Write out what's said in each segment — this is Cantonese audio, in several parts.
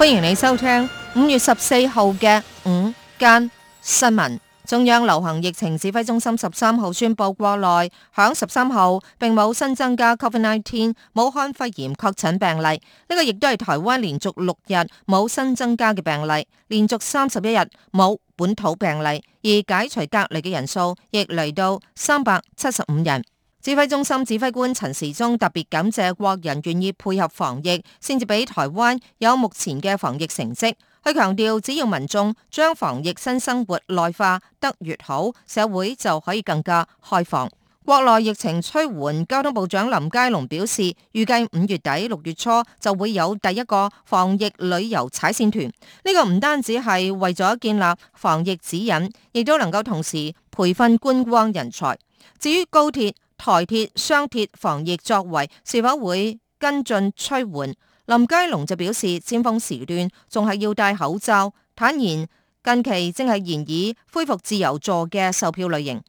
歡迎你收聽五月十四號嘅午間新聞。中央流行疫情指揮中心十三號宣布，國內響十三號並冇新增加 Covid nineteen 武漢肺炎確診病例。呢個亦都係台灣連續六日冇新增加嘅病例，連續三十一日冇本土病例，而解除隔離嘅人數亦嚟到三百七十五人。指揮中心指揮官陳時中特別感謝國人願意配合防疫，先至俾台灣有目前嘅防疫成績。佢強調，只要民眾將防疫新生活內化得越好，社會就可以更加開放。國內疫情趨緩，交通部長林佳龍表示，預計五月底六月初就會有第一個防疫旅遊踩線團。呢個唔單止係為咗建立防疫指引，亦都能夠同時培訓觀光人才。至於高鐵，台鐵、雙鐵防疫作為是否會跟進趨緩？林佳龍就表示，尖峰時段仲係要戴口罩。坦言近期正係研議恢復自由座嘅售票類型。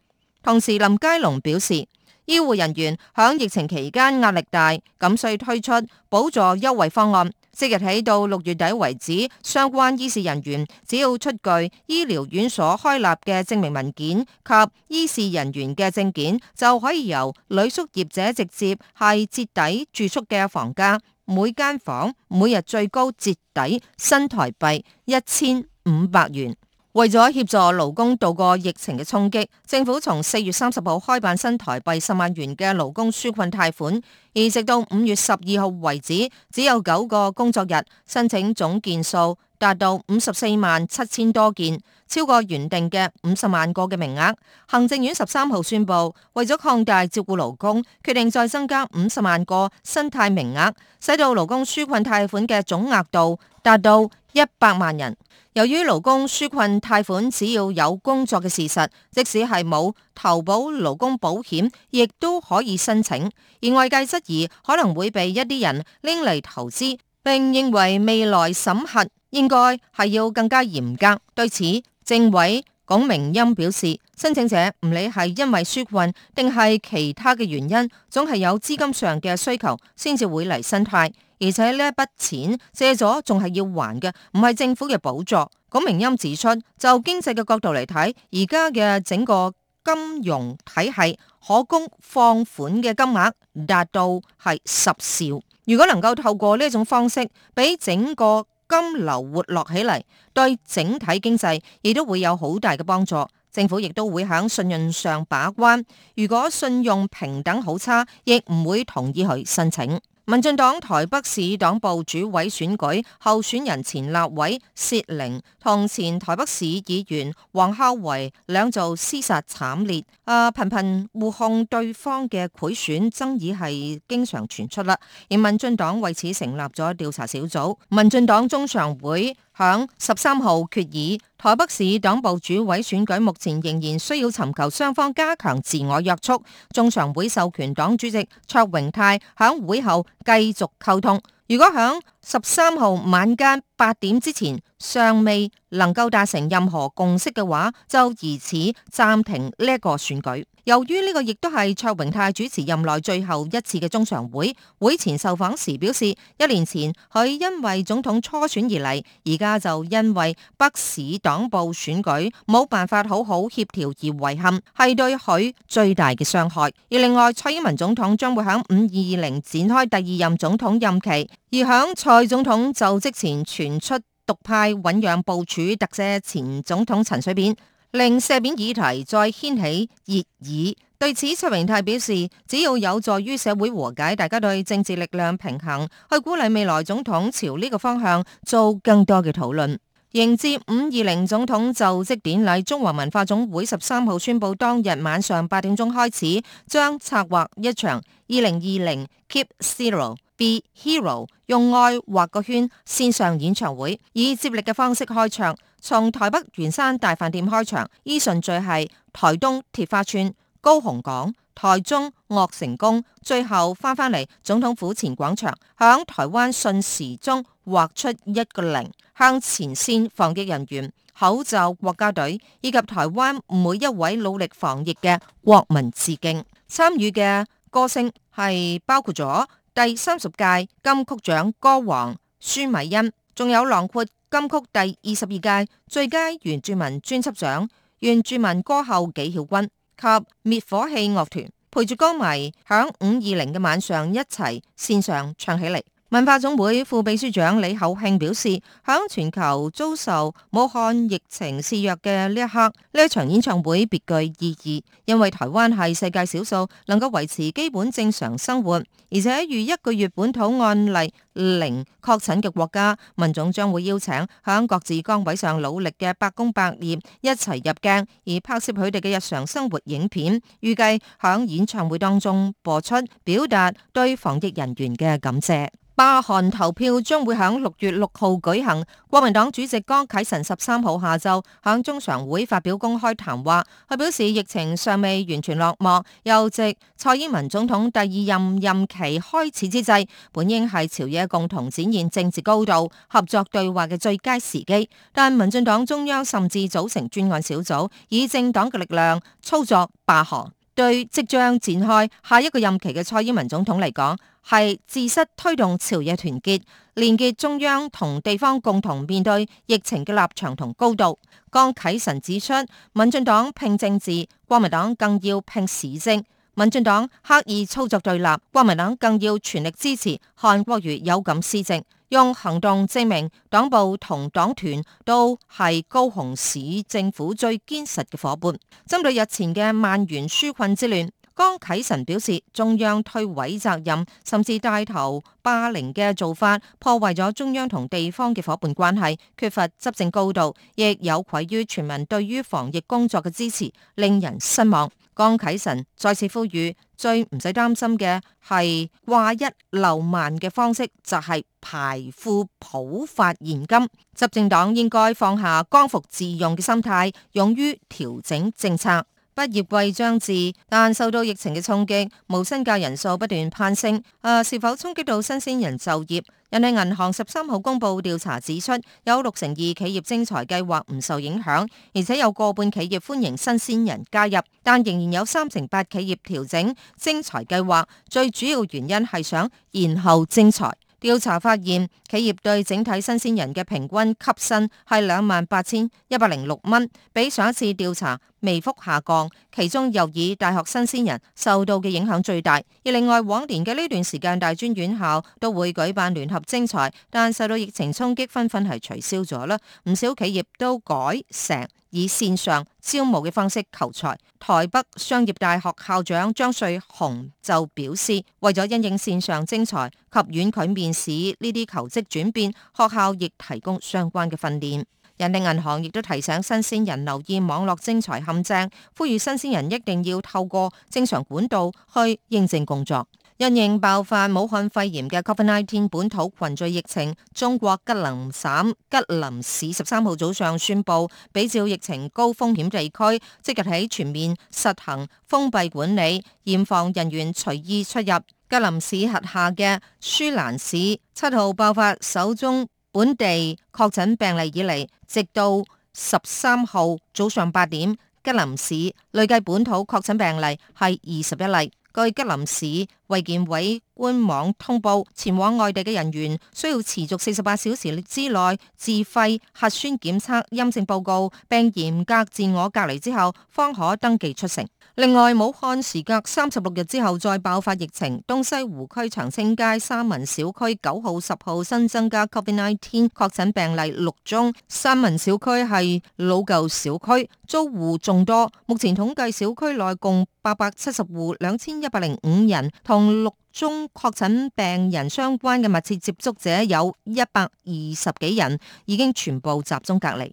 同時，林佳龍表示，醫護人員響疫情期間壓力大，咁需推出補助優惠方案。即日起到六月底為止，相關醫事人員只要出具醫療院所開立嘅證明文件及醫事人員嘅證件，就可以由旅宿業者直接係折抵住宿嘅房價，每間房每日最高折抵新台幣一千五百元。為咗協助勞工度過疫情嘅衝擊，政府從四月三十號開辦新台幣十萬元嘅勞工紓困貸款，而直到五月十二號為止，只有九個工作日，申請總件數達到五十四萬七千多件，超過原定嘅五十萬個嘅名額。行政院十三號宣布，為咗擴大照顧勞工，決定再增加五十萬個申貸名額，使到勞工紓困貸款嘅總額度。達到一百萬人。由於勞工紓困貸款只要有工作嘅事實，即使係冇投保勞工保險，亦都可以申請。而外界質疑可能會被一啲人拎嚟投資，並認為未來審核應該係要更加嚴格。對此，政委。龔明鑫表示，申請者唔理係因為雪運定係其他嘅原因，總係有資金上嘅需求先至會嚟申貸，而且呢一筆錢借咗仲係要還嘅，唔係政府嘅補助。龔明鑫指出，就經濟嘅角度嚟睇，而家嘅整個金融體系可供放款嘅金額達到係十兆，如果能夠透過呢一種方式，俾整個。金流活絡起嚟，對整體經濟亦都會有好大嘅幫助。政府亦都會喺信任上把關，如果信用平等好差，亦唔會同意佢申請。民進黨台北市黨部主委選舉候選人前立委薛玲同前台北市議員黃孝維兩造廝殺慘烈，啊頻頻互控對方嘅賄選爭議係經常傳出啦，而民進黨為此成立咗調查小組，民進黨中常會。響十三號決議，台北市黨部主委選舉目前仍然需要尋求雙方加強自我約束。中常會授權黨主席卓榮泰響會後繼續溝通。如果響十三號晚間八點之前尚未能夠達成任何共識嘅話，就以此暫停呢一個選舉。由於呢個亦都係卓榮泰主持任內最後一次嘅中常會，會前受訪時表示，一年前佢因為總統初選而嚟，而家就因為北市黨部選舉冇辦法好好協調而遺憾，係對佢最大嘅傷害。而另外，蔡英文總統將會喺五二二零展開第二任總統任期，而響蔡總統就職前傳出獨派醞釀部署特赦前總統陳水扁。令赦免議題再掀起熱議，對此卓榮泰表示，只要有助於社會和解，大家對政治力量平衡，去鼓勵未來總統朝呢個方向做更多嘅討論。迎接五二零總統就職典禮，中華文化總會十三號宣布，當日晚上八點鐘開始，將策劃一場二零二零 Keep Zero Be Hero 用愛畫個圈線上演唱會，以接力嘅方式開唱。從台北圓山大飯店開場，依順序係台東鐵花村、高雄港、台中樂成功，最後翻返嚟總統府前廣場，響台灣順時鐘劃出一個零，向前線防疫人員、口罩國家隊以及台灣每一位努力防疫嘅國民致敬。參與嘅歌星係包括咗第三十屆金曲獎歌王舒米恩，仲有浪闊。金曲第二十二屆最佳原住民專輯獎，原住民歌后紀曉君及滅火器樂團陪住歌迷響五二零嘅晚上一齊線上唱起嚟。文化總會副秘書長李厚慶表示，響全球遭受武漢疫情肆虐嘅呢一刻，呢一場演唱會別具意義，因為台灣係世界少數能夠維持基本正常生活，而且逾一個月本土案例零確診嘅國家。文總將會邀請響各自崗位上努力嘅百工百業一齊入鏡，而拍攝佢哋嘅日常生活影片，預計響演唱會當中播出，表達對防疫人員嘅感謝。罷韓投票將會喺六月六號舉行。國民黨主席江啟臣十三號下晝向中常會發表公開談話，佢表示疫情尚未完全落幕，又值蔡英文總統第二任任期開始之際，本應係朝野共同展現政治高度、合作對話嘅最佳時機。但民進黨中央甚至組成專案小組，以政黨嘅力量操作罷韓。對即將展開下一個任期嘅蔡英文總統嚟講，係自失推動朝野團結，連結中央同地方共同面對疫情嘅立場同高度。江啟臣指出，民進黨拼政治，國民黨更要拼市政。民進黨刻意操作對立，國民黨更要全力支持韓國瑜有感施政。用行動證明黨部同黨團都係高雄市政府最堅實嘅伙伴。針對日前嘅萬元紓困之亂，江啟臣表示，中央推諉責任甚至帶頭霸凌嘅做法，破壞咗中央同地方嘅伙伴關係，缺乏執政高度，亦有愧於全民對於防疫工作嘅支持，令人失望。江啟臣再次呼籲。最唔使擔心嘅係掛一漏萬嘅方式，就係、是、排富普發現金。執政黨應該放下剛愎自用嘅心態，勇於調整政策。畢業季將至，但受到疫情嘅衝擊，無薪假人數不斷攀升。誒、啊，是否衝擊到新鮮人就業？人力銀行十三號公布調查指出，有六成二企業徵才計劃唔受影響，而且有過半企業歡迎新鮮人加入，但仍然有三成八企業調整徵才計劃，最主要原因係想延後徵才。調查發現，企業對整體新鮮人嘅平均起薪係兩萬八千一百零六蚊，比上一次調查，微幅下降，其中又以大學新鮮人受到嘅影響最大。而另外往年嘅呢段時間，大專院校都會舉辦聯合徵才，但受到疫情衝擊，紛紛係取消咗啦。唔少企業都改成以綫上招募嘅方式求才。台北商業大學校長張瑞雄就表示，為咗因應綫上徵才及遠距面試呢啲求職轉變，學校亦提供相關嘅訓練。人力銀行亦都提醒新鮮人留意網絡徵才陷阱，呼籲新鮮人一定要透過正常管道去認證工作。因應爆發武漢肺炎嘅 Covid-19 本土群聚疫情，中國吉林省吉林市十三號早上宣布，比照疫情高風險地區，即日起全面實行封閉管理，嚴防人員隨意出入。吉林市下轄嘅舒蘭市七號爆發首宗本地確診病例以來，直到十三號早上八點，吉林市累計本土確診病例係二十一例。據吉林市衛健委官網通報，前往外地嘅人員需要持續四十八小時之內自費核酸檢測陰性報告，並嚴格自我隔離之後，方可登記出城。另外，武漢時隔三十六日之後再爆發疫情，東西湖區長青街三文小區九號、十號新增加 COVID-19 確診病例六宗。三文小區係老舊小區，租戶眾多。目前統計小區內共八百七十戶，兩千一百零五人，同六宗確診病人相關嘅密切接觸者有一百二十幾人，已經全部集中隔離。